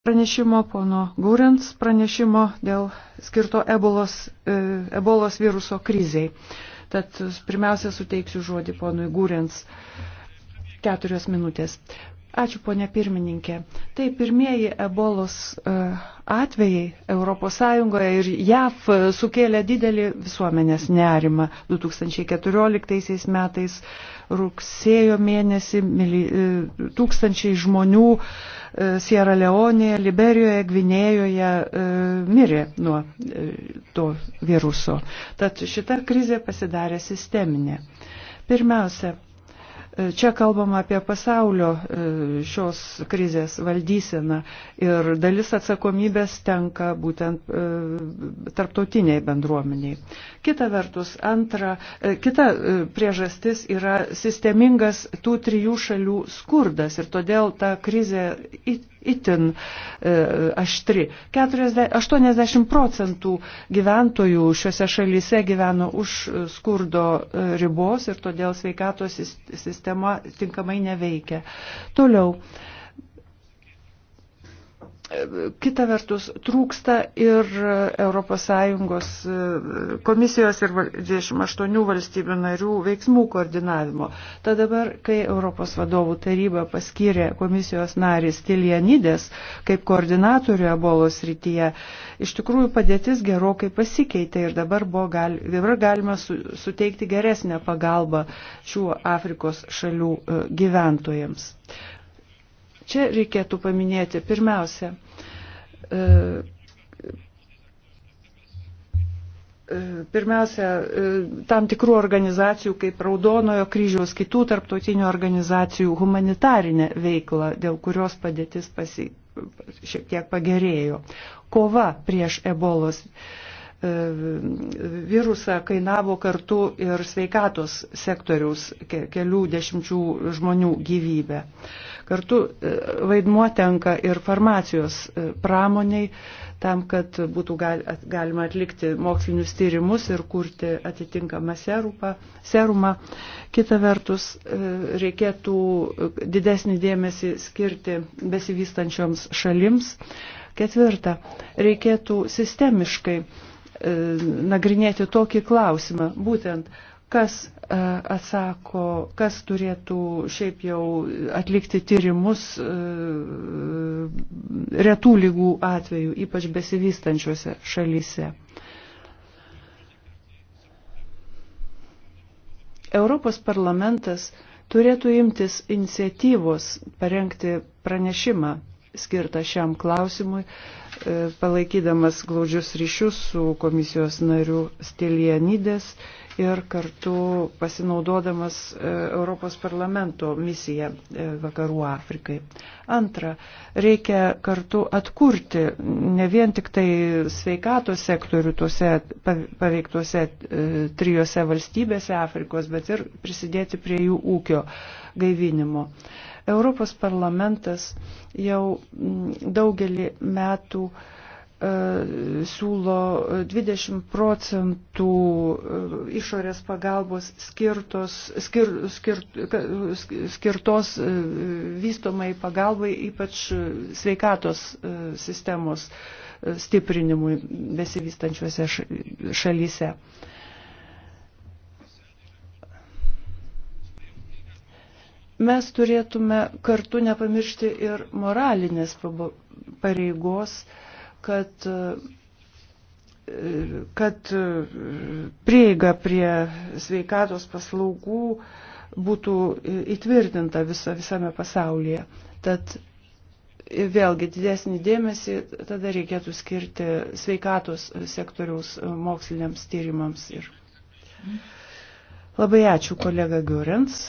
pranešimo, pono Gūrens pranešimo dėl skirto ebolos, e, ebolos viruso kriziai. Tad pirmiausia suteiksiu žodį ponui Gūrens keturios minutės. Ačiū, ponė pirmininkė. Tai pirmieji ebolos e, atvejai ES ir JAV e, sukėlė didelį visuomenės nerimą. 2014 metais rugsėjo mėnesį mili, e, tūkstančiai žmonių Sierra Leonėje, Liberijoje, Gvinėjoje mirė nuo to viruso. Tad šita krizė pasidarė sisteminė. Pirmiausia, Čia kalbama apie pasaulio e, šios krizės valdyseną ir dalis atsakomybės tenka būtent e, tarptautiniai bendruomeniai. Kita vertus, antra, e, kita priežastis yra sistemingas tų trijų šalių skurdas ir todėl ta krizė itin e, aštri. 40, 80 procentų gyventojų šiuose šalyse gyveno už e, skurdo e, ribos ir todėl sveikatos sistema tinkamai neveikia. Toliau. E, Kita vertus, trūksta ir ES komisijos ir 28 valstybių narių veiksmų koordinavimo. Tad dabar, kai Europos vadovų taryba paskyrė komisijos narį Stilianidės kaip koordinatorių ebolos rytyje, iš tikrųjų padėtis gerokai pasikeitė ir dabar, gal, dabar galima su, suteikti geresnę pagalbą šių Afrikos šalių e, gyventojams. Čia reikėtų paminėti pirmiausia e, e, pirmiausia, e, tam tikrų organizacijų kaip Raudonojo kryžiaus kitų tarptautinių organizacijų humanitarinę veiklą, dėl kurios padėtis pasi... šiek tiek pagerėjo. Kova prieš ebolos E, virusą kainavo kartu ir sveikatos sektoriaus kelių dešimčių žmonių gyvybę. Kartu e, vaidmuo tenka ir farmacijos e, pramoniai tam, kad būtų galima atlikti mokslinius tyrimus ir kurti atitinkamą serupą, serumą. Kita vertus, reikėtų didesnį dėmesį skirti besivystančioms šalims. Ketvirta, reikėtų sistemiškai uh, E, nagrinėti tokį klausimą, būtent kas e, atsako, kas turėtų šiaip jau atlikti tyrimus e, retų lygų atveju, ypač besivystančiuose šalyse. Europos parlamentas turėtų imtis iniciatyvos parengti pranešimą skirtą šiam klausimui, E, palaikydamas glaudžius ryšius su komisijos nariu Stilienydės ir kartu pasinaudodamas e, Europos parlamento misiją e, Vakarų Afrikai. Antra, reikia kartu atkurti ne vien tik tai sveikatos sektorių tuose paveiktuose trijose valstybėse Afrikos, bet ir prisidėti prie jų ūkio gaivinimo. Europos parlamentas jau daugelį metų E, siūlo 20 procentų e, išorės pagalbos skirtos, skir, skir, skirtos e, vystomai pagalbai, ypač sveikatos sistemos stiprinimui besivystančiuose šalyse. Mes turėtume kartu nepamiršti ir moralinės pareigos, kad, kad prieiga prie sveikatos paslaugų būtų įtvirtinta visa, visame pasaulyje. Tad vėlgi didesnį dėmesį tada reikėtų skirti sveikatos sektoriaus moksliniams tyrimams. Ir... Labai ačiū kolega Giurins.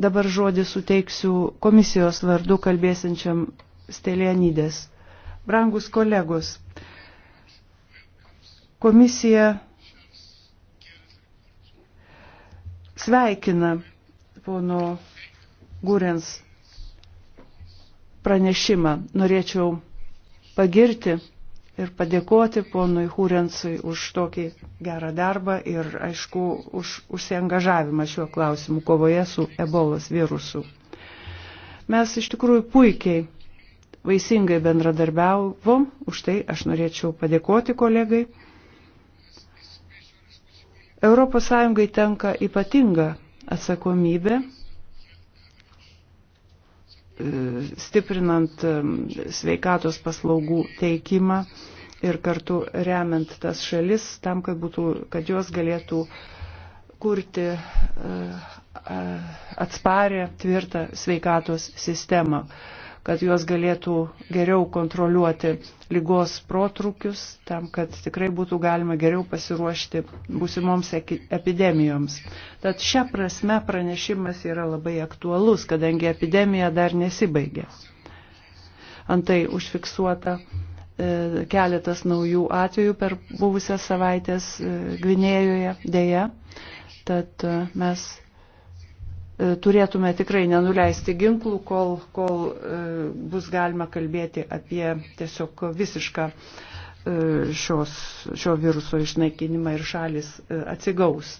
Dabar žodį suteiksiu komisijos vardu kalbėsinčiam Stelianydės. Brangus kolegos, komisija sveikina pono Gurens pranešimą. Norėčiau pagirti ir padėkoti ponui Hurensui už tokį gerą darbą ir, aišku, už užsiengažavimą šiuo klausimu kovoje su ebolos virusu. Mes iš tikrųjų puikiai, vaisingai bendradarbiavom, už tai aš norėčiau padėkoti kolegai. ES tenka ypatinga atsakomybė E, stiprinant e, sveikatos paslaugų teikimą ir kartu remiant tas šalis tam, kad, būtų, kad jos galėtų kurti e, atsparę, tvirtą sveikatos sistemą kad juos galėtų geriau kontroliuoti lygos protrukius, tam, kad tikrai būtų galima geriau pasiruošti būsimoms epidemijoms. Tad šią prasme pranešimas yra labai aktualus, kadangi epidemija dar nesibaigė. Antai užfiksuota e, keletas naujų atvejų per buvusias savaitės e, Gvinėjoje dėja. Tad e, mes E, turėtume tikrai nenuleisti ginklų, kol, kol e, bus galima kalbėti apie tiesiog visišką e, šios, šio viruso išnaikinimą ir šalis atsigaus.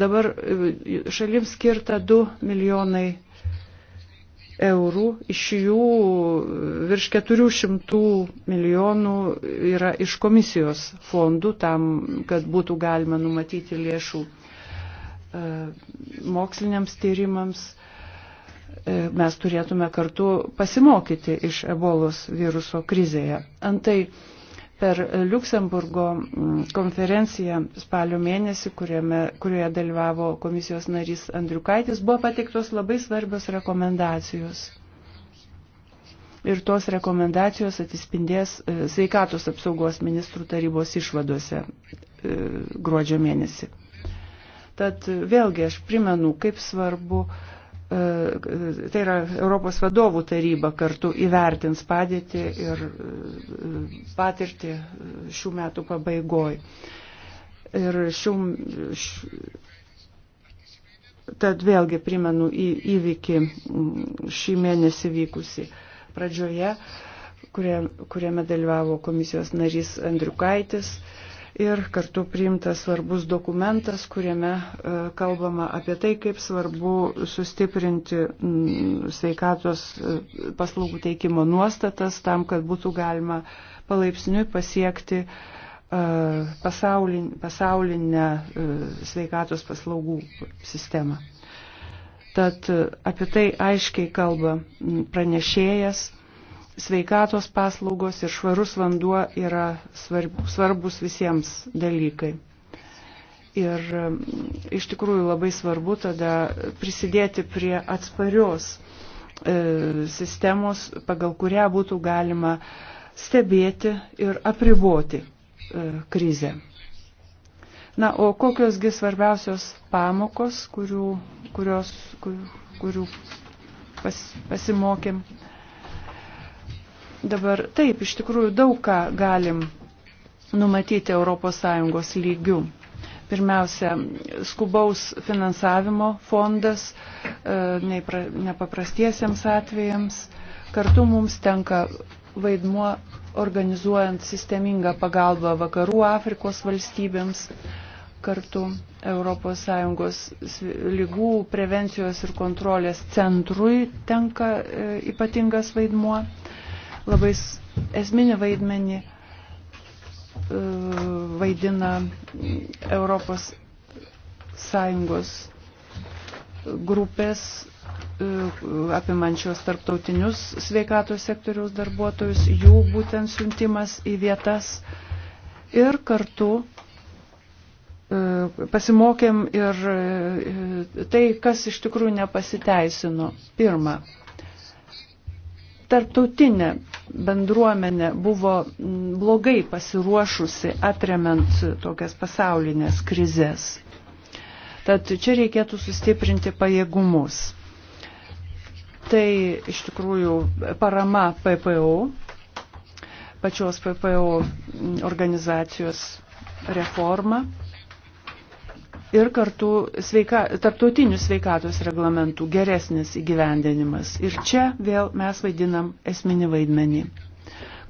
Dabar šalims skirta 2 milijonai eurų, iš jų virš 400 milijonų yra iš komisijos fondų tam, kad būtų galima numatyti lėšų E, moksliniams tyrimams. E, mes turėtume kartu pasimokyti iš ebolos viruso krizėje. Antai per Luksemburgo konferenciją spalio mėnesį, kuriame, kurioje dalyvavo komisijos narys Andriukaitis, buvo pateiktos labai svarbios rekomendacijos ir tos rekomendacijos atsispindės e, sveikatos apsaugos ministrų tarybos išvadose gruodžio mėnesį. Tad vėlgi aš primenu, kaip svarbu, e, tai yra Europos vadovų taryba kartu įvertins padėtį ir e, patirtį šių metų pabaigoj. Ir šių, tad vėlgi primenu į, įvykį šį mėnesį vykusi pradžioje, kurie, kuriame dalyvavo komisijos narys Andriukaitis. Kaitis ir kartu priimtas svarbus dokumentas, kuriame e, kalbama apie tai, kaip svarbu sustiprinti mm, sveikatos e, paslaugų teikimo nuostatas tam, kad būtų galima palaipsniui pasiekti e, pasaulin, pasaulinę sveikatos paslaugų sistemą. Tad apie tai aiškiai kalba pranešėjas sveikatos paslaugos ir švarus vanduo yra svarbus visiems dalykai. Ir e, iš tikrųjų labai svarbu tada prisidėti prie atsparios e, sistemos, pagal kurią būtų galima stebėti ir apriboti e, krizę. Na, o kokiosgi svarbiausios pamokos, kurių, kurios, kur, kurių pas, pasimokėm? Dabar taip, iš tikrųjų daug ką galim numatyti ES lygių. Pirmiausia, skubaus finansavimo fondas e, nepaprastiesiems atvejams. Kartu mums tenka vaidmuo organizuojant sistemingą pagalbą vakarų Afrikos valstybėms. Kartu ES lygų prevencijos ir kontrolės centrui tenka e, ypatingas vaidmuo labai esminį vaidmenį e, vaidina Europos Sąjungos grupės e, apimančios tarptautinius sveikatos sektoriaus darbuotojus, jų būtent siuntimas į vietas ir kartu e, pasimokėm ir tai, kas iš tikrųjų nepasiteisino. Pirma, tarptautinė bendruomenė buvo blogai pasiruošusi atremiant tokias pasaulinės krizės. Tad čia reikėtų sustiprinti pajėgumus. Tai iš tikrųjų parama PPO, pačios PPO organizacijos reforma ir kartu sveika, tarptautinių sveikatos reglamentų geresnis įgyvendinimas. Ir čia vėl mes vaidinam esminį vaidmenį.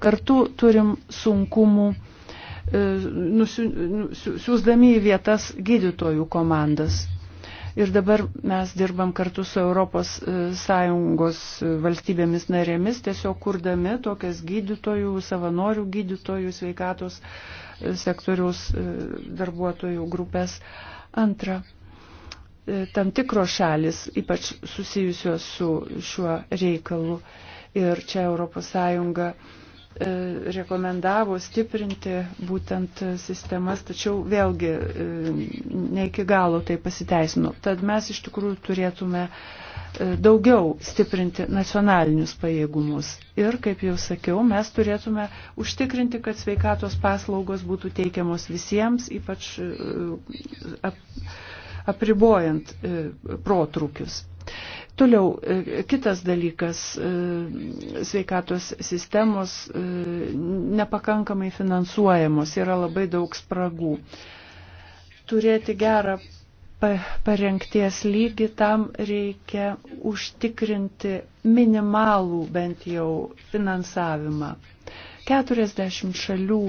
Kartu turim sunkumų e, nu, siūsdami į vietas gydytojų komandas. Ir dabar mes dirbam kartu su ES e, e, valstybėmis narėmis, tiesiog kurdami tokias gydytojų, savanorių gydytojų, sveikatos sektoriaus darbuotojų grupės. Uh, Antra, e, tam tikros šalis, ypač susijusios su šiuo reikalu, ir čia ES E, rekomendavo stiprinti būtent sistemas, tačiau vėlgi e, ne iki galo tai pasiteisino. Tad mes iš tikrųjų turėtume e, daugiau stiprinti nacionalinius pajėgumus. Ir, kaip jau sakiau, mes turėtume užtikrinti, kad sveikatos paslaugos būtų teikiamos visiems, ypač apribojant protrukius. Toliau e, kitas dalykas e, - sveikatos sistemos e, nepakankamai finansuojamos, yra labai daug spragų. Turėti gerą parengties lygį tam reikia užtikrinti minimalų bent jau finansavimą. 40 šalių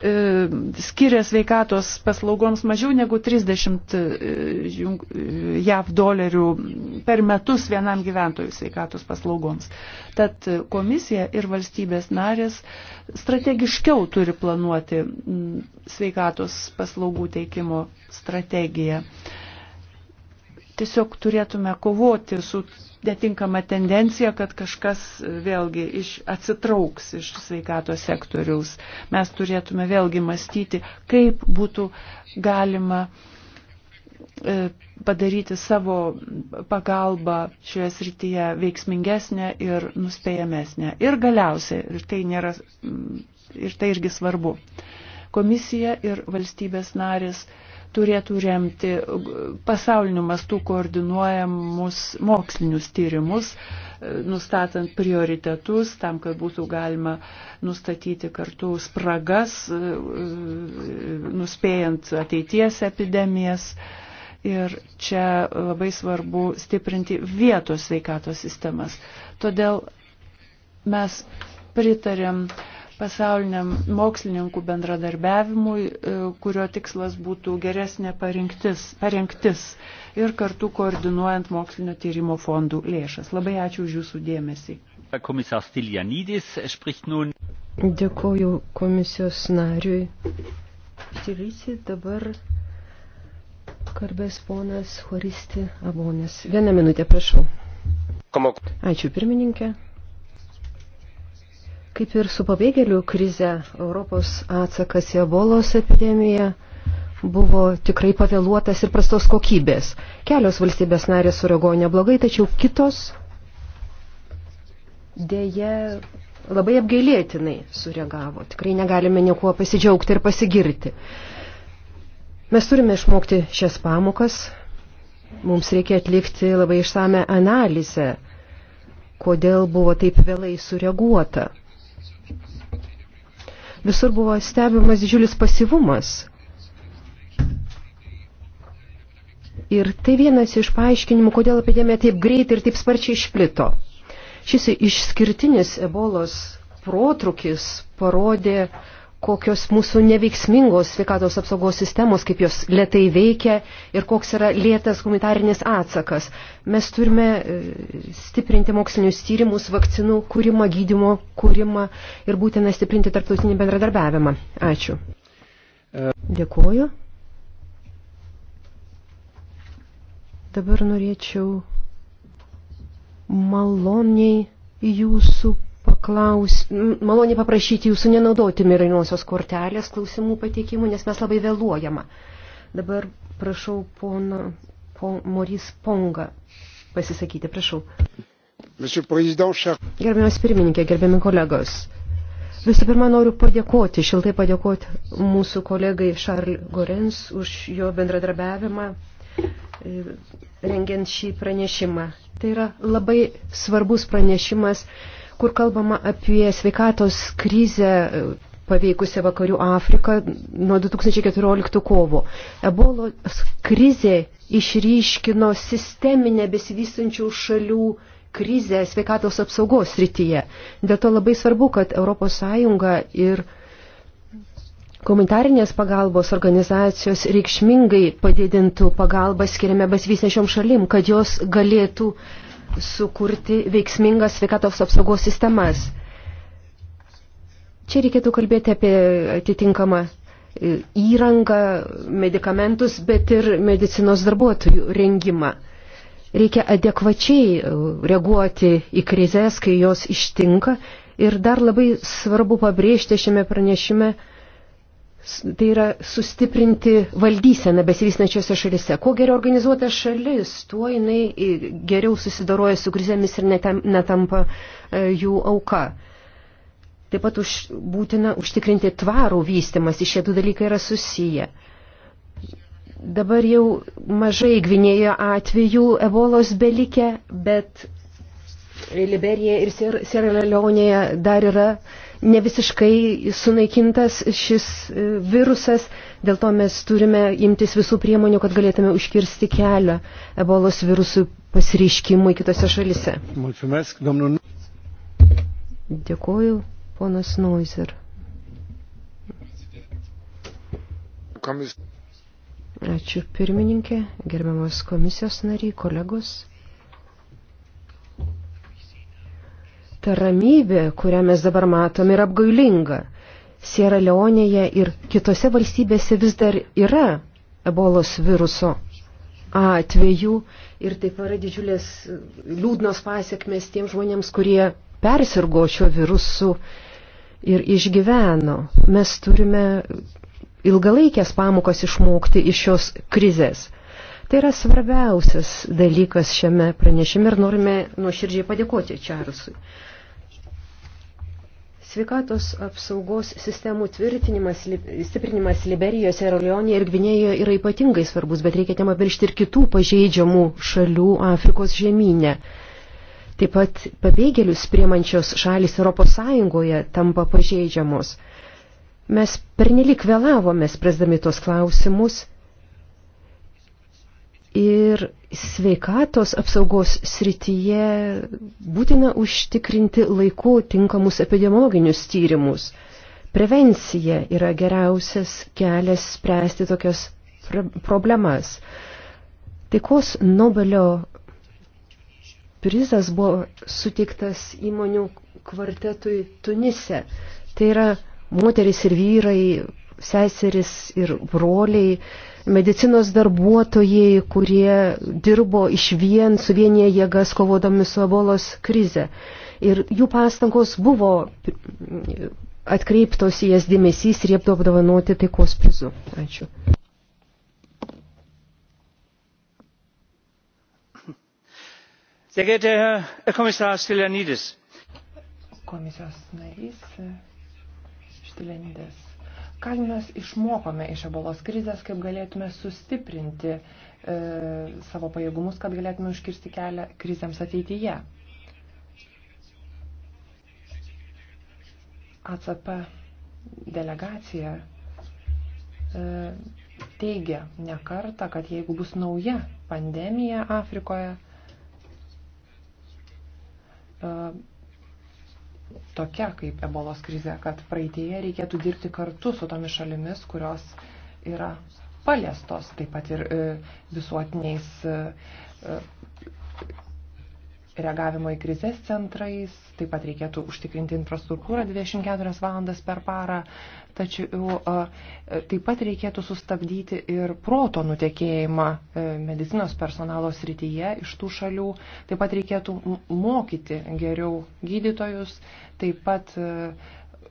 E, skiria sveikatos paslaugoms mažiau negu 30 e, e, JAV dolerių per metus vienam gyventojui sveikatos paslaugoms. Tad komisija ir valstybės narės strategiškiau turi planuoti sveikatos paslaugų teikimo strategiją tiesiog turėtume kovoti su netinkama tendencija, kad kažkas vėlgi iš, atsitrauks iš sveikatos sektoriaus. Mes turėtume vėlgi mąstyti, kaip būtų galima e, padaryti savo pagalbą šioje srityje veiksmingesnė ir nuspėjamesnė. Ir galiausiai, ir tai, nėra, ir tai irgi svarbu, komisija ir valstybės narės uh, turėtų remti pasauliniu mastu koordinuojamus mokslinius tyrimus, e, nustatant prioritetus tam, kad būtų galima nustatyti kartu spragas, e, e, nuspėjant ateities epidemijas. Ir čia labai svarbu stiprinti vietos sveikatos sistemas. Todėl mes pritarėm uh, pasauliniam mokslininkų bendradarbiavimui, e, kurio tikslas būtų geresnė parinktis, parinktis ir kartu koordinuojant mokslinio tyrimo fondų lėšas. Labai ačiū už Jūsų dėmesį. Er Dėkoju komisijos nariui. Tyrysi dabar kalbės ponas Horisti Abonės. Vieną minutę, prašau. Ačiū pirmininkė. Kaip ir su pabėgėlių krize, Europos atsakas į ebolos epidemiją buvo tikrai pavėluotas ir prastos kokybės. Kelios valstybės narės sureagojo neblogai, tačiau kitos dėje labai apgailėtinai sureagavo. Tikrai negalime niekuo pasidžiaugti ir pasigirti. Mes turime išmokti šias pamokas. Mums reikia atlikti labai išsame analizę, kodėl buvo taip vėlai sureaguota visur buvo stebimas didžiulis pasivumas. Ir tai vienas iš paaiškinimų, kodėl epidemija taip greit ir taip sparčiai išplito. Šis išskirtinis ebolos protrukis parodė, uh, kokios mūsų neveiksmingos sveikatos apsaugos sistemos, kaip jos lietai veikia ir koks yra lėtas humanitarinis atsakas. Mes turime e, stiprinti mokslinius tyrimus, vakcinų kūrimą, gydimo kūrimą ir būtina stiprinti tarptautinį bendradarbiavimą. Ačiū. E. Dėkuoju. Dabar norėčiau maloniai jūsų paklaus, maloniai paprašyti jūsų nenaudoti mirainosios kortelės klausimų pateikimų, nes mes labai vėluojama. Dabar prašau pono po Moris Ponga pasisakyti, prašau. Gerbiamas pirmininkė, gerbiami kolegos. Visų pirma, noriu padėkoti, šiltai padėkoti mūsų kolegai Šarl Gorens už jo bendradarbiavimą e, rengiant šį pranešimą. Tai yra labai svarbus pranešimas kur kalbama apie sveikatos krizę e, paveikusią Vakarių Afriką nuo 2014 kovo. Ebolos krizė išryškino sisteminę besivystančių šalių krizę sveikatos apsaugos srityje. Dėl to labai svarbu, kad ES ir komunitarinės pagalbos organizacijos reikšmingai padidintų pagalbą skiriame besivystančiom šalim, kad jos galėtų uh, sukurti veiksmingas sveikatos apsaugos sistemas. Čia reikėtų kalbėti apie atitinkamą e, įrangą, medikamentus, bet ir medicinos darbuotojų rengimą. Reikia adekvačiai e, reaguoti į krizės, kai jos ištinka. Ir dar labai svarbu pabrėžti šiame pranešime Tai yra sustiprinti valdyseną besivysnačiose šalise. Kuo geriau organizuota šalis, tuo jinai geriau susidaroja su krizėmis ir netampa e, jų auka. Taip pat už, būtina užtikrinti tvarų vystimas, šie du dalykai yra susiję. Dabar jau mažai gvinėjo atvejų ebolos belikė, bet Liberija ir Sierra Leonėje dar yra uh, nevisiškai sunaikintas šis e, virusas, dėl to mes turime imtis visų priemonių, kad galėtume užkirsti kelią ebolos virusų pasireiškimui kitose šalise. Mulțumesc, domnul... Nu- Dėkuoju, ponas Noizer. Ačiū pirmininkė, gerbiamas komisijos nariai, kolegos. Ta ramybė, kurią mes dabar matom, yra apgailinga. Sierra Leonėje ir kitose valstybėse vis dar yra ebolos viruso atvejų ir taip yra didžiulės liūdnos pasiekmes tiem žmonėms, kurie persirgo šio virusu ir išgyveno. Mes turime ilgalaikės pamokas išmokti iš šios krizės. Tai yra svarbiausias dalykas šiame pranešime ir norime nuoširdžiai padėkoti Čarlzui. Sveikatos apsaugos sistemų tvirtinimas, stiprinimas Liberijoje, Serolionėje ir Gvinėjoje yra ypatingai svarbus, bet reikia nepamiršti ir kitų pažeidžiamų šalių Afrikos žemynė. Taip pat pabėgėlius priemančios šalis Europos Sąjungoje tampa pažeidžiamos. Mes pernelik vėlavome, spręsdami tos klausimus ir sveikatos apsaugos srityje būtina užtikrinti laiku tinkamus epidemiologinius tyrimus. Prevencija yra geriausias kelias spręsti tokias problemas. Taikos Nobelio prizas buvo suteiktas įmonių kvartetui Tunise. Tai yra moteris ir vyrai, seseris ir broliai medicinos darbuotojai, kurie dirbo iš vien, suvienyje jėgas kovodami su abolos krize. Ir jų pastangos buvo atkreiptos į jas dėmesys ir jie buvo apdovanoti taikos prizu. Ačiū. Sehr geehrter Herr Kommissar Stylianides. Komisijos narys Stylianides. Ką mes išmokome iš ebolos krizės, kaip galėtume sustiprinti e, savo pajėgumus, kad galėtume užkirsti kelią krizėms ateityje. ACP delegacija e, teigia ne kartą, kad jeigu bus nauja pandemija Afrikoje, e, tokia kaip ebolos krize, kad praeitėje reikėtų dirbti kartu su tomis šalimis, kurios yra paliestos, taip pat ir e, visuotiniais e, e, reagavimo į krizės centrais, taip pat reikėtų užtikrinti infrastruktūrą 24 valandas per parą, tačiau e, taip pat reikėtų sustabdyti ir proto nutekėjimą e, medicinos personalo srityje iš tų šalių, taip pat reikėtų mokyti geriau gydytojus, taip pat e,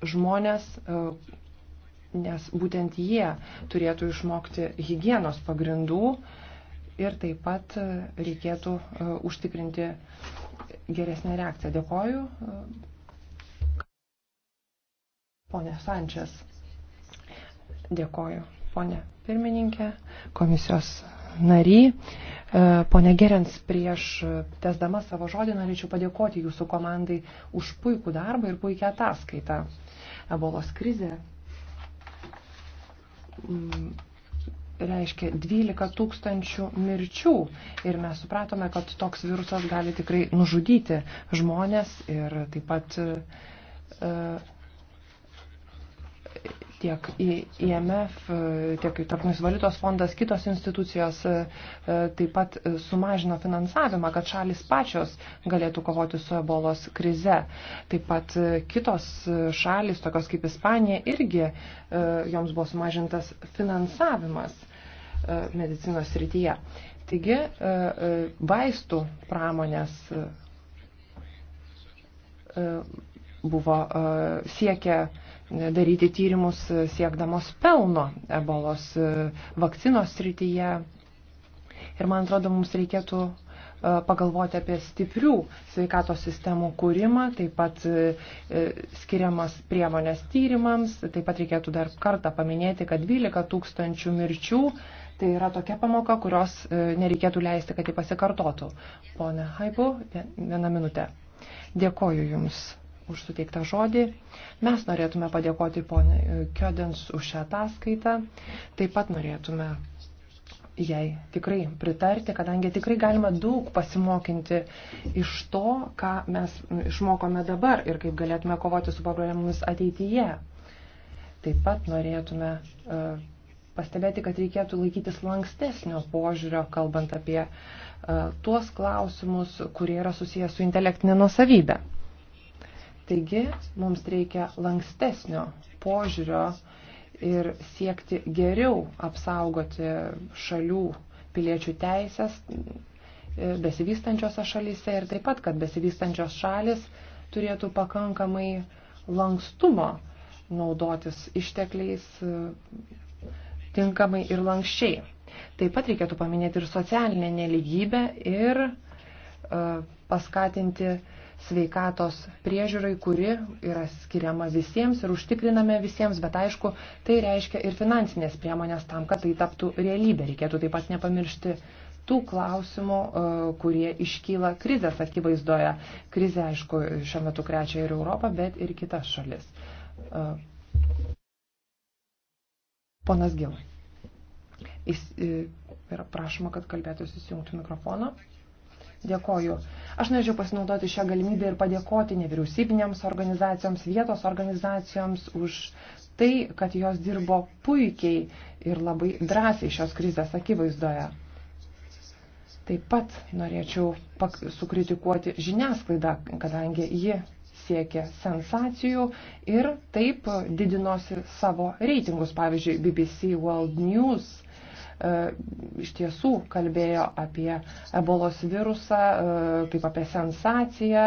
žmonės, nes būtent jie turėtų išmokti hygienos pagrindų, ir taip pat e, reikėtų e, užtikrinti geresnę reakciją. Dėkoju. E, Pone Sančias. Dėkoju. Pone pirmininkė, komisijos nary. Pone Gerens, prieš tesdama savo žodį norėčiau padėkoti jūsų komandai už puikų darbą ir puikią ataskaitą. Ebolos krizė reiškia 12 tūkstančių mirčių. Ir mes supratome, kad toks virusas gali tikrai nužudyti žmonės ir taip pat uh, tiek IMF, tiek Tarptautinis valiutos fondas, kitos institucijos e, e, taip pat sumažino finansavimą, kad šalis pačios galėtų kovoti su ebolos krize. Taip pat e, kitos šalis, tokios kaip Ispanija, irgi joms buvo sumažintas finansavimas medicinos srityje. Taigi, vaistų pramonės buvo siekia daryti tyrimus e, siekdamos pelno ebolos e, vakcinos srityje. Ir man atrodo, mums reikėtų e, pagalvoti apie stiprių sveikatos sistemų kūrimą, taip pat skiriamas priemonės tyrimams, taip pat reikėtų dar kartą paminėti, kad 12 tūkstančių mirčių tai yra tokia pamoka, kurios nereikėtų leisti, kad ji pasikartotų. Pone Haipu, vieną minutę. Dėkoju Jums už suteiktą žodį. Mes norėtume padėkoti ponė Kiodens už šią ataskaitą. Taip pat norėtume jai tikrai pritarti, kadangi tikrai galima daug pasimokinti iš to, ką mes išmokome dabar ir kaip galėtume kovoti su problemomis ateityje. Taip pat norėtume uh, pastebėti, kad reikėtų laikytis lankstesnio požiūrio, kalbant apie uh, tuos klausimus, kurie yra susijęs su intelektinė nusavybė. Taigi mums reikia lankstesnio požiūrio ir siekti geriau apsaugoti šalių piliečių teisės e, besivystančiose šalyse ir taip pat, kad besivystančios šalis turėtų pakankamai lankstumo naudotis ištekliais e, tinkamai ir lankščiai. Taip pat reikėtų paminėti ir socialinę neligybę ir e, paskatinti uh, sveikatos priežiūrai, kuri yra skiriama visiems ir užtikriname visiems, bet aišku, tai reiškia ir finansinės priemonės tam, kad tai taptų realybė. Reikėtų taip pat nepamiršti tų klausimų, e, kurie iškyla krizės akivaizdoje. Krizė, aišku, šiuo metu krečia ir Europą, bet ir kitas šalis. E, ponas Gil. Jis e, yra prašoma, kad kalbėtų įsijungtų mikrofoną. Dėkoju. Aš norėčiau pasinaudoti šią galimybę ir padėkoti nevyriausybinėms organizacijoms, vietos organizacijoms už tai, kad jos dirbo puikiai ir labai drąsiai šios krizės akivaizdoje. Taip pat norėčiau sukritikuoti žiniasklaidą, kadangi ji siekė sensacijų ir taip didinosi savo reitingus, pavyzdžiui, BBC World News – E, iš tiesų kalbėjo apie ebolos virusą, kaip e, apie sensaciją.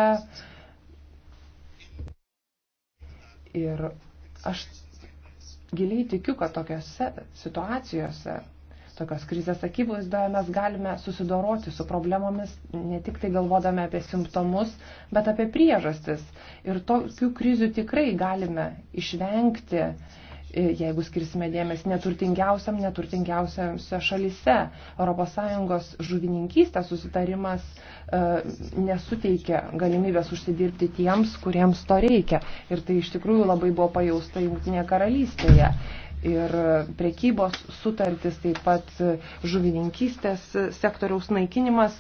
Ir aš giliai tikiu, kad tokiose situacijose, tokios krizės akivaizdoje mes galime susidoroti su problemomis ne tik tai galvodami apie simptomus, bet apie priežastis. Ir tokių krizių tikrai galime išvengti E, jeigu skirsime dėmesį neturtingiausiam, neturtingiausiamse šalise. ES žuvininkystės susitarimas e, nesuteikia galimybės užsidirbti tiems, kuriems to reikia. Ir tai iš tikrųjų labai buvo pajausta Junktinėje karalystėje ir prekybos sutartis, taip pat žuvininkystės sektoriaus naikinimas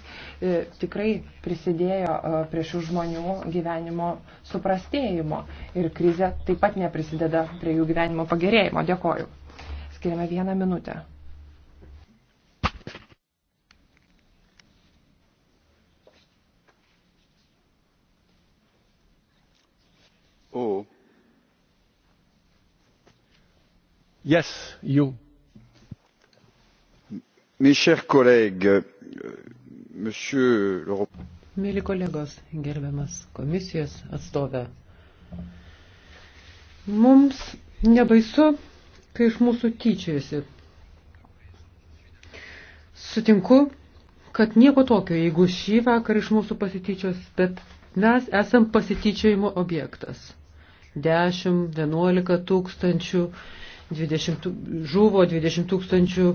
e, tikrai prisidėjo e, prie šių žmonių gyvenimo suprastėjimo ir krize taip pat neprisideda prie jų gyvenimo pagerėjimo. Dėkoju. Skiriame vieną minutę. Yes, you. Mes chers collègues, euh, monsieur le Mėly kolegos, gerbiamas komisijos atstovė. Mums nebaisu, kai iš mūsų tyčiojasi. Sutinku, kad nieko tokio, jeigu šį vakar iš mūsų pasityčios, bet mes esam pasityčiojimo objektas. 10, 11 tūkstančių 20, žuvo 20 tūkstančių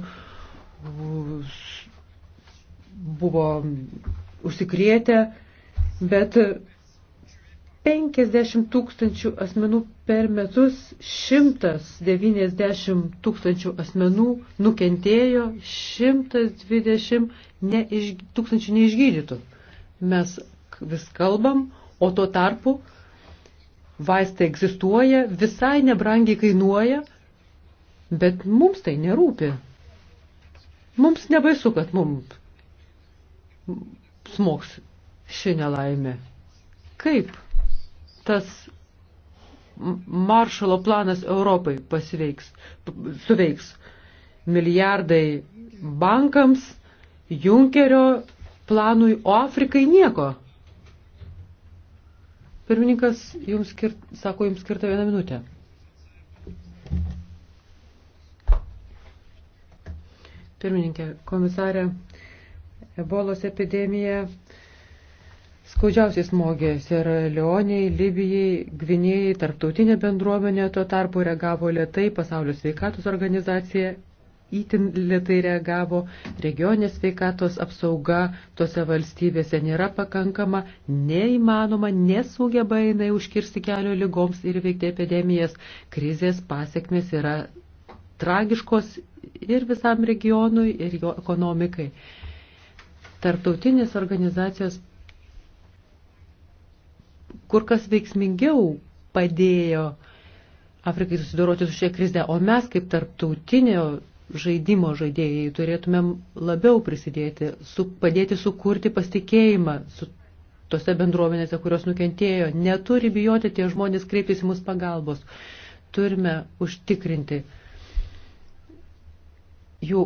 buvo užsikrėtę, bet 50 tūkstančių asmenų per metus, 190 tūkstančių asmenų nukentėjo, 120 neiš, tūkstančių neišgydytų. Mes vis kalbam, o tuo tarpu vaistai egzistuoja, visai nebrangiai kainuoja, Bet mums tai nerūpi. Mums nebaisu, kad mums smoks ši nelaimė. Kaip tas maršalo planas Europai pasveiks, suveiks milijardai bankams, Junkerio planui, o Afrikai nieko. Pirmininkas, jums skirt, sako, jums skirta vieną minutę. pirmininkė, komisarė, ebolos epidemija skaudžiausiai smogė Sierra Leonei, Libijai, Gvinėjai, tarptautinė bendruomenė tuo tarpu reagavo lietai, pasaulio sveikatos organizacija įtin lietai reagavo, regionės sveikatos apsauga tose valstybėse nėra pakankama, neįmanoma, nesugeba jinai užkirsti kelio lygoms ir veikti epidemijas, krizės pasiekmes yra tragiškos ir visam regionui, ir jo ekonomikai. Tartautinės organizacijos kur kas veiksmingiau padėjo Afrikai susidoroti su šia krize, o mes kaip tarptautinio žaidimo žaidėjai turėtumėm labiau prisidėti, su, padėti sukurti pasitikėjimą su tose bendruomenėse, kurios nukentėjo. Neturi bijoti tie žmonės kreiptis į mus pagalbos. Turime užtikrinti jų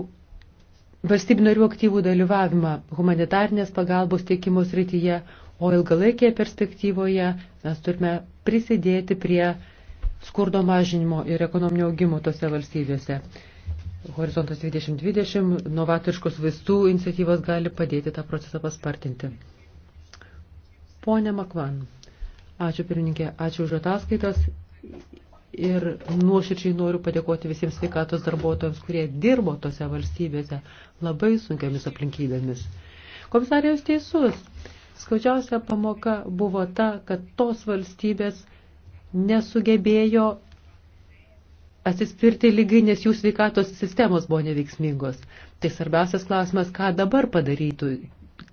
valstybių narių aktyvų dalyvavimą humanitarnės pagalbos tiekimo srityje, o ilgalaikėje perspektyvoje mes turime prisidėti prie skurdo mažinimo ir ekonominio augimo tose valstybėse. Horizontas 2020, novatoriškos vaistų iniciatyvos gali padėti tą procesą paspartinti. Pone Makvan, ačiū pirmininkė, ačiū už ataskaitas ir nuoširdžiai noriu padėkoti visiems sveikatos darbuotojams, kurie dirbo tose valstybėse labai sunkiamis aplinkybėmis. Komisarijos teisus. Skaudžiausia pamoka buvo ta, kad tos valstybės nesugebėjo atsispirti lygai, nes jų sveikatos sistemos buvo neveiksmingos. Tai svarbiausias klausimas, ką dabar padarytų,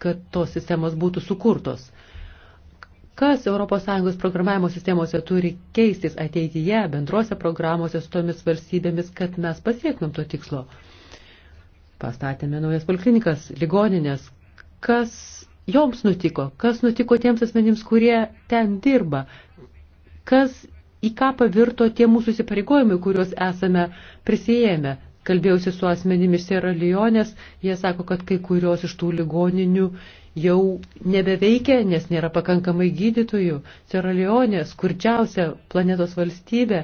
kad tos sistemos būtų sukurtos kas ES programavimo sistemose turi keistis ateityje bendrose programuose su tomis valstybėmis, kad mes pasiektumėm to tikslo. Pastatėme naujas poliklinikas, ligoninės. Kas joms nutiko? Kas nutiko tiems asmenims, kurie ten dirba? Kas į ką pavirto tie mūsų įsipareigojimai, kuriuos esame prisijėmę? kalbėjausi su asmenimis Sierra Leonės, jie sako, kad kai kurios iš tų ligoninių jau nebeveikia, nes nėra pakankamai gydytojų. Sierra Leonė, skurdžiausia planetos valstybė,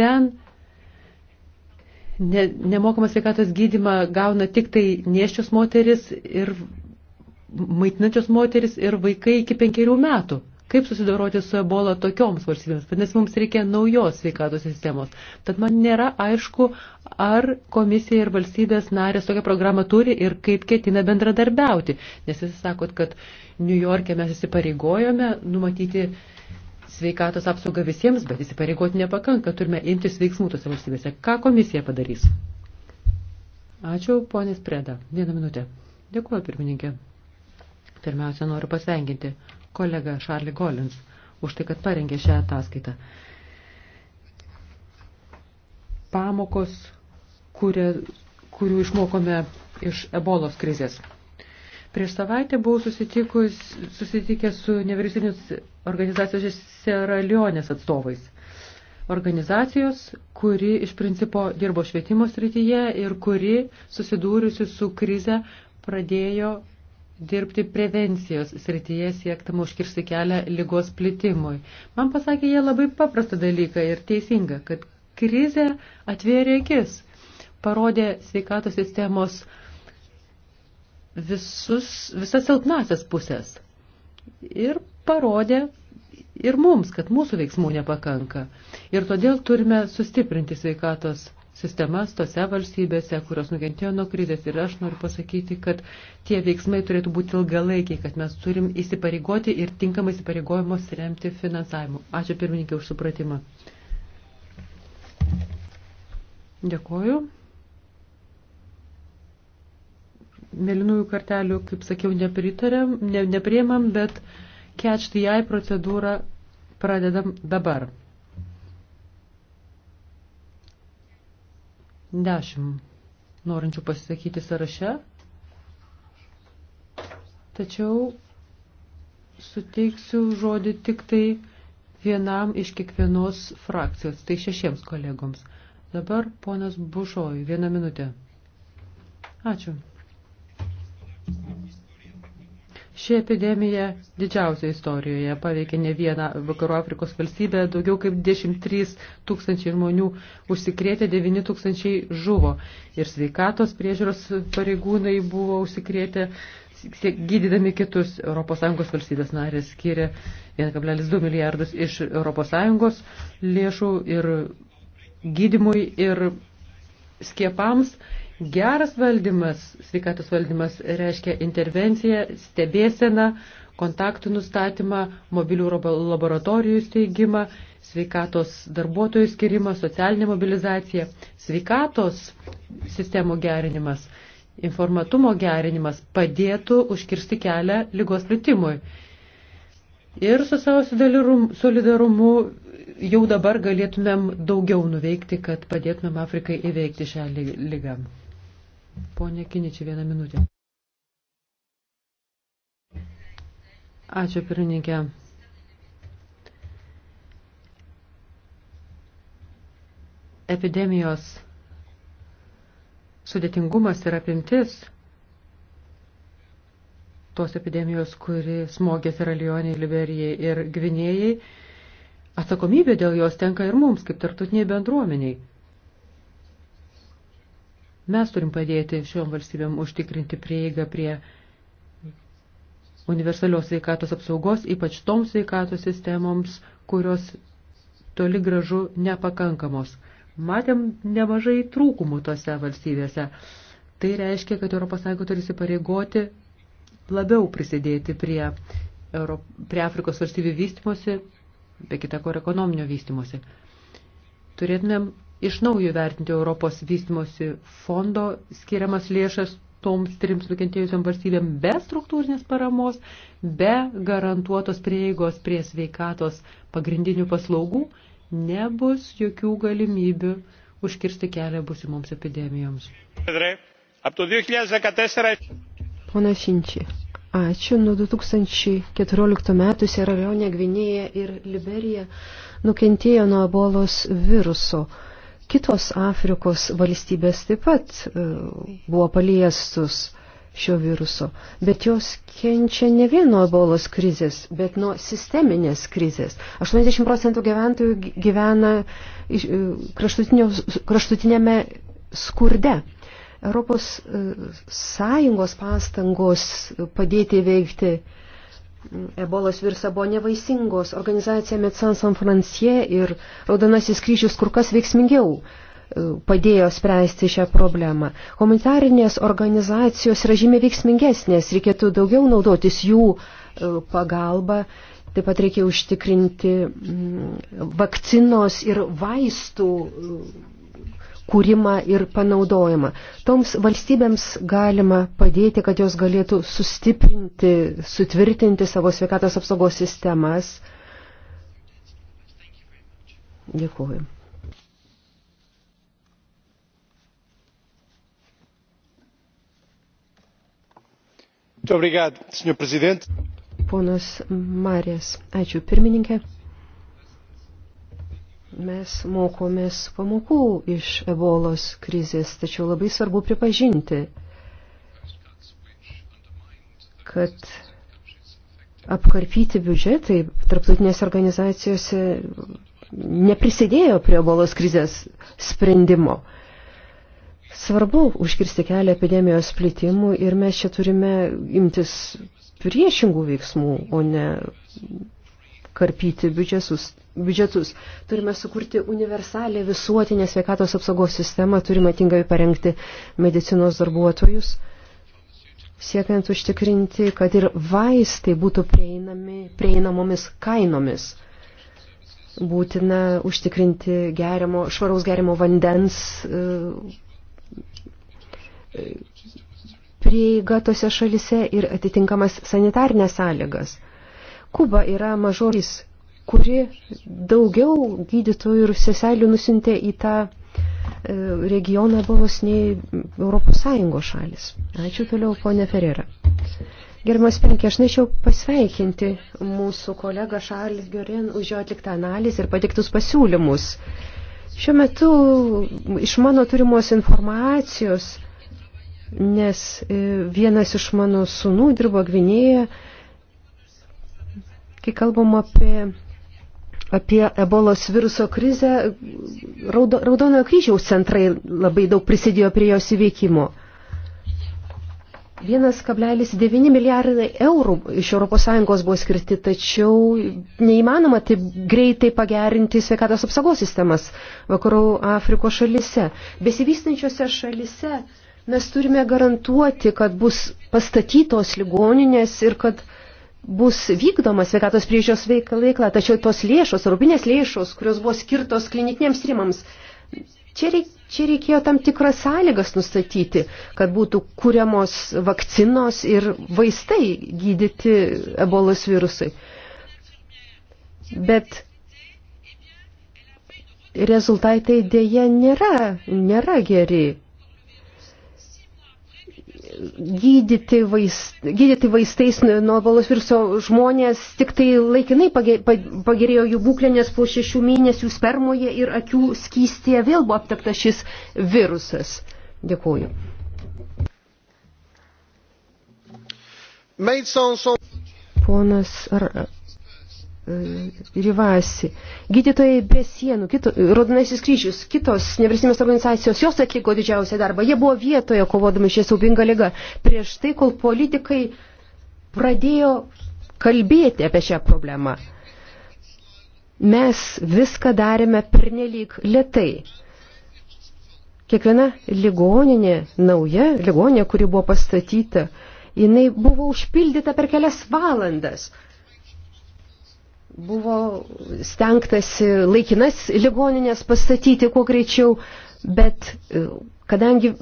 ten ne, nemokamą sveikatos gydimą gauna tik tai nieščios moteris ir maitinančios moteris ir vaikai iki penkerių metų kaip susidoroti su ebola tokioms valstybėms, nes mums reikia naujos sveikatos sistemos. Tad man nėra aišku, ar komisija ir valstybės narės tokią programą turi ir kaip ketina bendradarbiauti, nes jūs sakot, kad New York'e mes įsipareigojome numatyti sveikatos apsaugą visiems, bet įsipareigoti nepakanka, turime imtis veiksmų tose valstybėse. Ką komisija padarys? Ačiū, ponės Preda. Vieną minutę. Dėkuoju, pirmininkė. Pirmiausia, noriu pasvenginti kolegą Šarlį Golins už tai, kad parengė šią ataskaitą. Pamokos, kurie, kurių išmokome iš ebolos krizės. Prieš savaitę buvau susitikęs su nevyriausybinės organizacijos Sierra Leonės atstovais. Organizacijos, kuri iš principo dirbo švietimo srityje ir kuri susidūrusi su krize pradėjo dirbti prevencijos srityje siektama užkirsti kelią lygos plitimui. Man pasakė jie labai paprastą dalyką ir teisingą, kad krizė atvėrė akis, parodė sveikatos sistemos visus, visas silpnasias pusės ir parodė ir mums, kad mūsų veiksmų nepakanka. Ir todėl turime sustiprinti sveikatos sistemas tose valstybėse, kurios nukentėjo nuo krizės. Ir aš noriu pasakyti, kad tie veiksmai turėtų būti ilgalaikiai, kad mes turim įsipareigoti ir tinkamai įsipareigojimus remti finansavimu. Ačiū pirmininkė už supratimą. Dėkoju. Mėlynųjų kartelių, kaip sakiau, nepritarėm, ne, nepriemam, bet catch the eye procedūrą pradedam dabar. dešimt norinčių pasisakyti sąraše, tačiau suteiksiu žodį tik tai vienam iš kiekvienos frakcijos, tai šešiems kolegoms. Dabar ponas Bušoj, vieną minutę. Ačiū. Ši epidemija didžiausia istorijoje paveikė ne vieną Vakarų Afrikos valstybę, daugiau kaip 23 tūkstančiai žmonių užsikrėtė, 9 tūkstančiai žuvo. Ir sveikatos priežiūros pareigūnai buvo užsikrėtę, gydydami kitus ES valstybės narės skiria 1,2 milijardus iš ES lėšų ir gydimui ir skiepams Geras valdymas, sveikatos valdymas reiškia intervenciją, stebėseną, kontaktų nustatymą, mobilių laboratorijų steigimą, sveikatos darbuotojų skirimą, socialinę mobilizaciją, sveikatos sistemų gerinimas, informatumo gerinimas padėtų užkirsti kelią lygos plitimui. Ir su savo solidarumu jau dabar galėtumėm daugiau nuveikti, kad padėtumėm Afrikai įveikti šią lygą. Pone Kiničiai, vieną minutę. Ačiū, pirmininkė. Epidemijos sudėtingumas ir apimtis tos epidemijos, kuri smogė Seralionei, Liberijai ir Gvinėjai, atsakomybė dėl jos tenka ir mums, kaip tartutiniai bendruomeniai. Mes turim padėti šiom valstybėm užtikrinti prieigą prie universalios sveikatos apsaugos, ypač toms sveikatos sistemoms, kurios toli gražu nepakankamos. Matėm nemažai trūkumų tose valstybėse. Tai reiškia, kad ES turi įsipareigoti labiau prisidėti prie, Euro, prie Afrikos valstybių vystimosi, be kita ko, ekonominio vystimosi. Turėtumėm iš naujo vertinti Europos vystimosi fondo skiriamas lėšas toms trims nukentėjusiam valstybėm be struktūrinės paramos, be garantuotos prieigos prie sveikatos pagrindinių paslaugų, nebus jokių galimybių užkirsti kelią busimoms epidemijoms. Pone Šinčiai, ačiū. Nuo 2014 metų Sierra Leone, Gvinėja ir Liberija nukentėjo nuo ebolos viruso. Kitos Afrikos valstybės taip pat e, buvo paliestus šio viruso, bet jos kenčia ne vien nuo ebolos krizės, bet nuo sisteminės krizės. 80 procentų gyventojų gyvena e, kraštutinėme skurde. Europos e, Sąjungos pastangos padėti veikti uh, Ebolos virsa buvo nevaisingos, organizacija Medecins Sans Francie ir Raudonasis kryžius kur kas veiksmingiau e, padėjo spręsti šią problemą. Humanitarinės organizacijos yra žymiai veiksmingesnės, reikėtų daugiau naudotis jų e, pagalba, taip pat reikia užtikrinti vakcinos ir vaistų e, kūrimą ir panaudojimą. Toms valstybėms galima padėti, kad jos galėtų sustiprinti, sutvirtinti savo sveikatos apsaugos sistemas. Dėkuoju. Ponas Marės, ačiū pirmininkė. Mes mokomės pamokų iš ebolos krizės, tačiau labai svarbu pripažinti, kad apkarpyti biudžetai tarptautinės organizacijose neprisidėjo prie ebolos krizės sprendimo. Svarbu užkirsti kelią epidemijos plitimų ir mes čia turime imtis priešingų veiksmų, o ne karpyti biudžetus biudžetus. Turime sukurti universalę visuotinę sveikatos apsaugos sistemą, turime tingai parengti medicinos darbuotojus, siekiant užtikrinti, kad ir vaistai būtų prieinami, prieinamomis kainomis. Būtina užtikrinti gerimo, švaraus gerimo vandens e, e, prieiga tose šalise ir atitinkamas sanitarnės sąlygas. Kuba yra mažoris kuri daugiau gydytojų ir seselių nusintė į tą e, regioną buvus nei Europos Sąjungos šalis. Ačiū toliau, ponė Ferrera. Gerbiamas Penkė, aš norėčiau pasveikinti mūsų kolegą Šarlį Giorin už jo atliktą analizę ir patiktus pasiūlymus. Šiuo metu iš mano turimos informacijos, nes e, vienas iš mano sunų dirbo Gvinėje, kai kalbam apie apie ebolos viruso krizę. Raudo, Raudonojo kryžiaus centrai labai daug prisidėjo prie jos įveikimo. 1,9 milijardai eurų iš ES buvo skirti, tačiau neįmanoma taip greitai pagerinti sveikatos apsaugos sistemas vakarų Afrikos šalise. Besivystančiose šalise mes turime garantuoti, kad bus pastatytos ligoninės ir kad uh, bus vykdoma sveikatos priežios veikla, tačiau tos lėšos, europinės lėšos, kurios buvo skirtos klinikiniams tyrimams, čia, reik, čia reikėjo tam tikras sąlygas nustatyti, kad būtų kuriamos vakcinos ir vaistai gydyti ebolos virusui. Bet rezultatai dėja nėra, nėra geri gydyti, vaist, gydyti vaistais nuo balos viruso žmonės tik tai laikinai pagerėjo jų būklė, nes po šešių mėnesių spermoje ir akių skystėje vėl buvo aptektas šis virusas. Dėkuoju. Ponas Ar E, rivasi, gydytojai be sienų, kito, Rodonasis kryžius, kitos nevyriausybinės organizacijos, jos atliko didžiausią darbą. Jie buvo vietoje kovodami šią saubingą ligą. Prieš tai, kol politikai pradėjo kalbėti apie šią problemą, mes viską darėme pernelyg lietai. Kiekviena ligoninė, nauja ligoninė, kuri buvo pastatyta, jinai buvo užpildyta per kelias valandas – Buvo stengtasi laikinas ligoninės pastatyti kuo greičiau, bet e, kadangi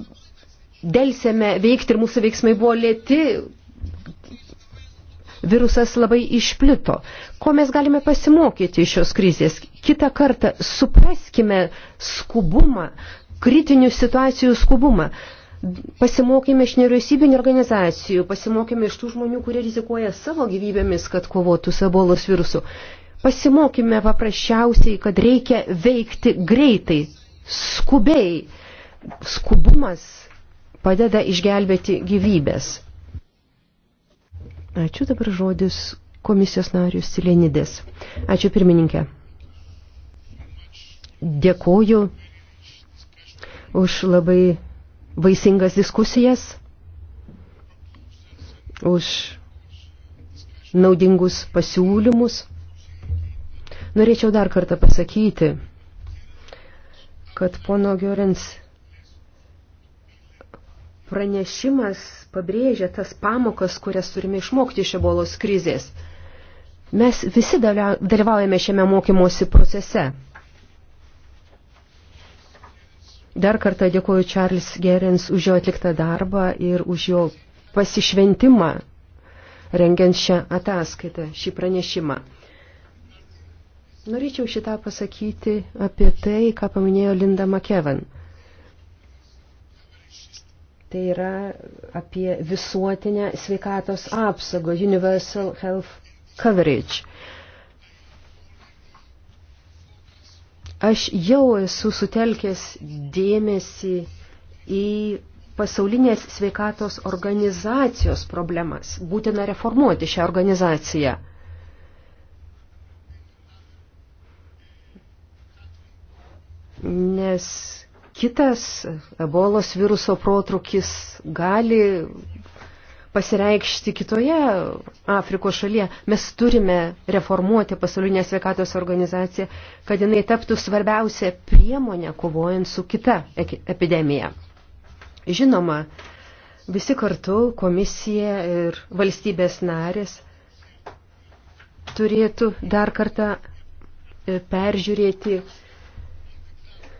dėlsėme veikti ir mūsų veiksmai buvo lėti, virusas labai išplito. Ko mes galime pasimokyti iš šios krizės? Kita kartą supraskime skubumą, kritinių situacijų skubumą. Pasimokime iš nevyriausybinių organizacijų, pasimokime iš tų žmonių, kurie rizikuoja savo gyvybėmis, kad kovotų su ebolos virusu. Pasimokime paprasčiausiai, kad reikia veikti greitai, skubiai. Skubumas padeda išgelbėti gyvybės. Ačiū dabar žodis komisijos narius Silenidės. Ačiū pirmininkė. Dėkoju už labai vaisingas diskusijas, už naudingus pasiūlymus. Norėčiau dar kartą pasakyti, kad pono Giorins pranešimas pabrėžia tas pamokas, kurias turime išmokti iš ebolos krizės. Mes visi dalyvaujame šiame mokymosi procese. Dar kartą dėkuoju Charles Gerens už jo atliktą darbą ir už jo pasišventimą rengiant šią ataskaitą, šį pranešimą. Norėčiau šitą pasakyti apie tai, ką paminėjo Linda McKevan. Tai yra apie visuotinę sveikatos apsaugą, Universal Health Coverage. Aš jau esu sutelkęs dėmesį į pasaulinės sveikatos organizacijos problemas. Būtina reformuoti šią organizaciją. Nes kitas ebolos viruso protrukis gali pasireikšti kitoje Afrikos šalyje. Mes turime reformuoti pasaulinę sveikatos organizaciją, kad jinai taptų svarbiausia priemonė kovojant su kita epidemija. Žinoma, visi kartu komisija ir valstybės narės turėtų dar kartą e, peržiūrėti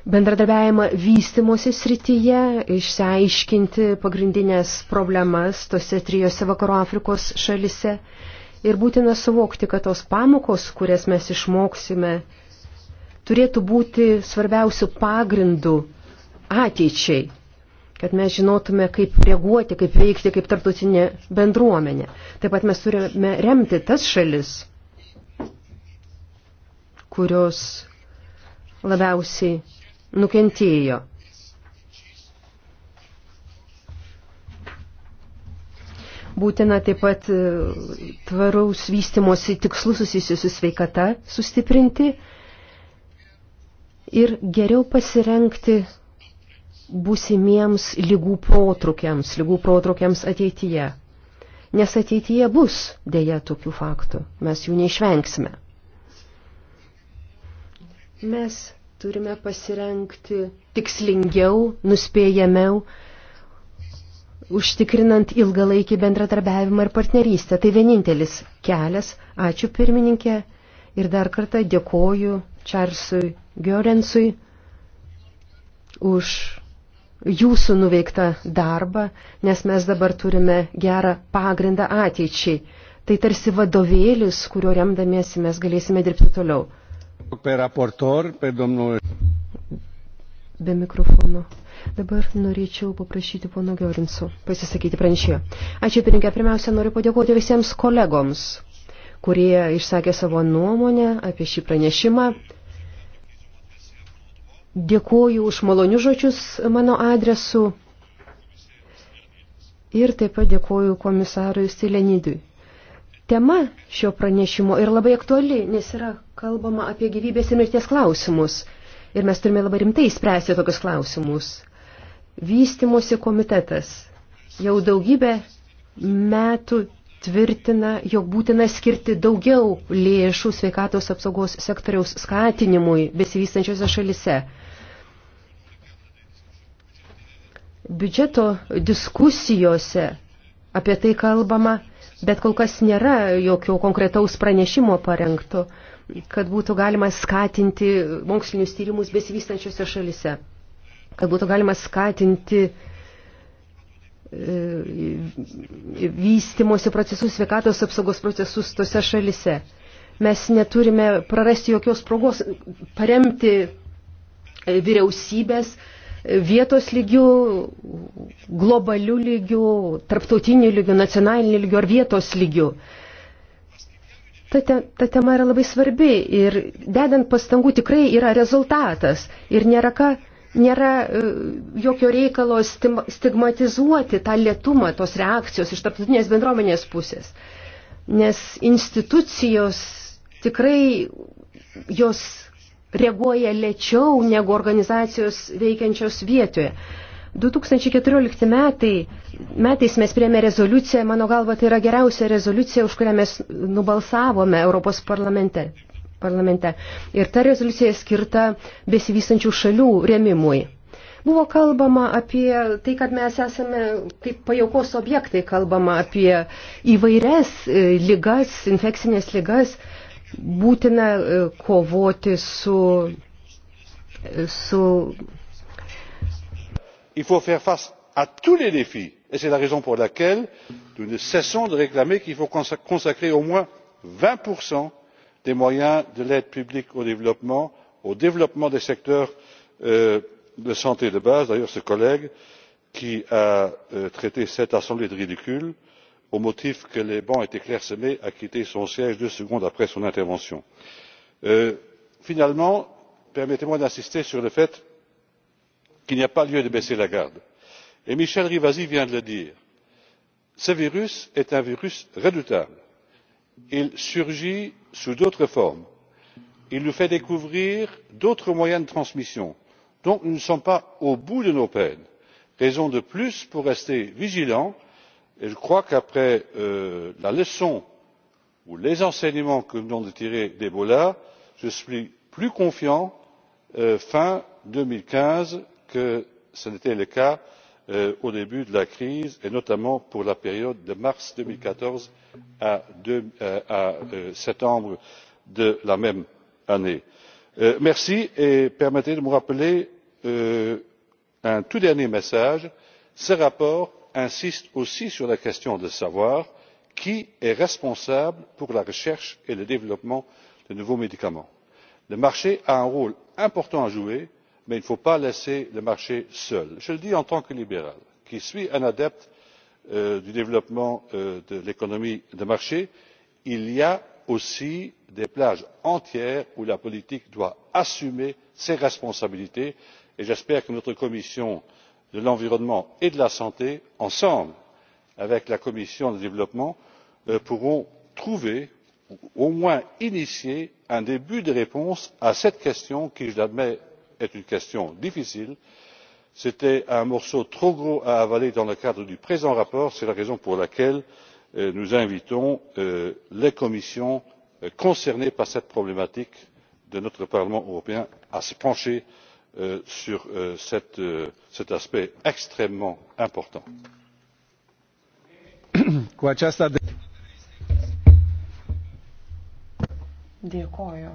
bendradarbiavimą vystimosi srityje, išsiaiškinti pagrindinės problemas tose trijose Vakarų Afrikos šalise. Ir būtina suvokti, kad tos pamokos, kurias mes išmoksime, turėtų būti svarbiausių pagrindų ateičiai, kad mes žinotume, kaip reaguoti, kaip veikti, kaip tarptautinė bendruomenė. Taip pat mes turime remti tas šalis, kurios labiausiai nukentėjo. Būtina taip pat e, tvaraus vystimosi tikslus susijusius su sveikata sustiprinti ir geriau pasirenkti būsimiems lygų protrukiams, lygų protrukiams ateityje. Nes ateityje bus dėja tokių faktų, mes jų neišvengsime. Mes Turime pasirenkti tikslingiau, nuspėjamiau, užtikrinant ilgalaikį bendradarbiavimą ir partnerystę. Tai vienintelis kelias. Ačiū pirmininkė ir dar kartą dėkoju Čarsui Giorensui už jūsų nuveiktą darbą, nes mes dabar turime gerą pagrindą ateičiai. Tai tarsi vadovėlis, kurio remdamiesi mes galėsime dirbti toliau. Pe raportor, pe domnul... Be mikrofono. Dabar norėčiau paprašyti pono Giorinso pasisakyti pranešėjo. Ačiū, pirinkė. Pirmiausia, noriu padėkoti visiems kolegoms, kurie išsakė savo nuomonę apie šį pranešimą. Dėkuoju už malonių žodžius mano adresu ir taip pat dėkuoju komisarui Stilenidui tema šio pranešimo ir labai aktuali, nes yra kalbama apie gyvybės ir mirties klausimus. Ir mes turime labai rimtai spręsti tokius klausimus. Vystimosi komitetas jau daugybę metų tvirtina, jog būtina skirti daugiau lėšų sveikatos apsaugos sektoriaus skatinimui besivystančiose šalise. Biudžeto diskusijose apie tai kalbama bet kol kas nėra jokio konkretaus pranešimo parengto, kad būtų galima skatinti mokslinius tyrimus besivystančiose šalise, kad būtų galima skatinti e, vystimosi procesus, sveikatos apsaugos procesus tose šalise. Mes neturime prarasti jokios progos paremti e, vyriausybės, vietos lygių, globalių lygių, tarptautinių lygių, nacionalinių lygių ar vietos lygių. Ta, te, ta tema yra labai svarbi ir dedant pastangų tikrai yra rezultatas ir nėra, ką, nėra e, jokio reikalo stigmatizuoti tą lietumą tos reakcijos iš tarptautinės bendruomenės pusės. Nes institucijos tikrai jos reaguoja lėčiau negu organizacijos veikiančios vietoje. 2014 metai, metais mes priėmė rezoliuciją, mano galva tai yra geriausia rezoliucija, už kurią mes nubalsavome Europos parlamente. parlamente. Ir ta rezoliucija skirta besivystančių šalių rėmimui. Buvo kalbama apie tai, kad mes esame kaip pajaukos objektai, kalbama apie įvairias e, lygas, infekcinės lygas, būtina e, kovoti su. su Il faut faire face à tous les défis et c'est la raison pour laquelle nous ne cessons de réclamer qu'il faut consacrer au moins vingt des moyens de l'aide publique au développement au développement des secteurs euh, de la santé de base. d'ailleurs ce collègue qui a euh, traité cette assemblée de ridicule au motif que les bancs étaient clairsemés a quitté son siège deux secondes après son intervention. Euh, finalement permettez moi d'insister sur le fait qu'il n'y a pas lieu de baisser la garde et michel rivasi vient de le dire ce virus est un virus redoutable. il surgit sous d'autres formes il nous fait découvrir d'autres moyens de transmission donc nous ne sommes pas au bout de nos peines. raison de plus pour rester vigilants je crois qu'après euh, la leçon ou les enseignements que nous venons de tirer d'ebola je suis plus confiant euh, fin deux mille quinze que ce n'était le cas euh, au début de la crise et notamment pour la période de mars deux mille quatorze à septembre de la même année. merci et permettez moi de vous rappeler un tout dernier message ce rapport insiste aussi sur la question de savoir qui est responsable de la recherche et du développement de nouveaux médicaments. le marché a un rôle important à jouer mais il ne faut pas le laisser seul. je le dis en tant que libéral qui suis un adepte euh, du développement euh, de l'économie de marché il y a aussi des plages entières où la politique doit assumer ses responsabilités et j'espère que notre commission de l'environnement et de la santé ensemble avec la commission du développement euh, pourront trouver ou au moins initier un début de réponse à cette question qui je l'admets est une question difficile. c'était un morceau trop gros à avaler dans le cadre du présent rapport c'est la raison pour laquelle euh, nous invitons euh, les commissions concernées par cette problématique de notre parlement européen à se pencher Euh, sur euh, euh, cet aspect extrêmement important. dėkoju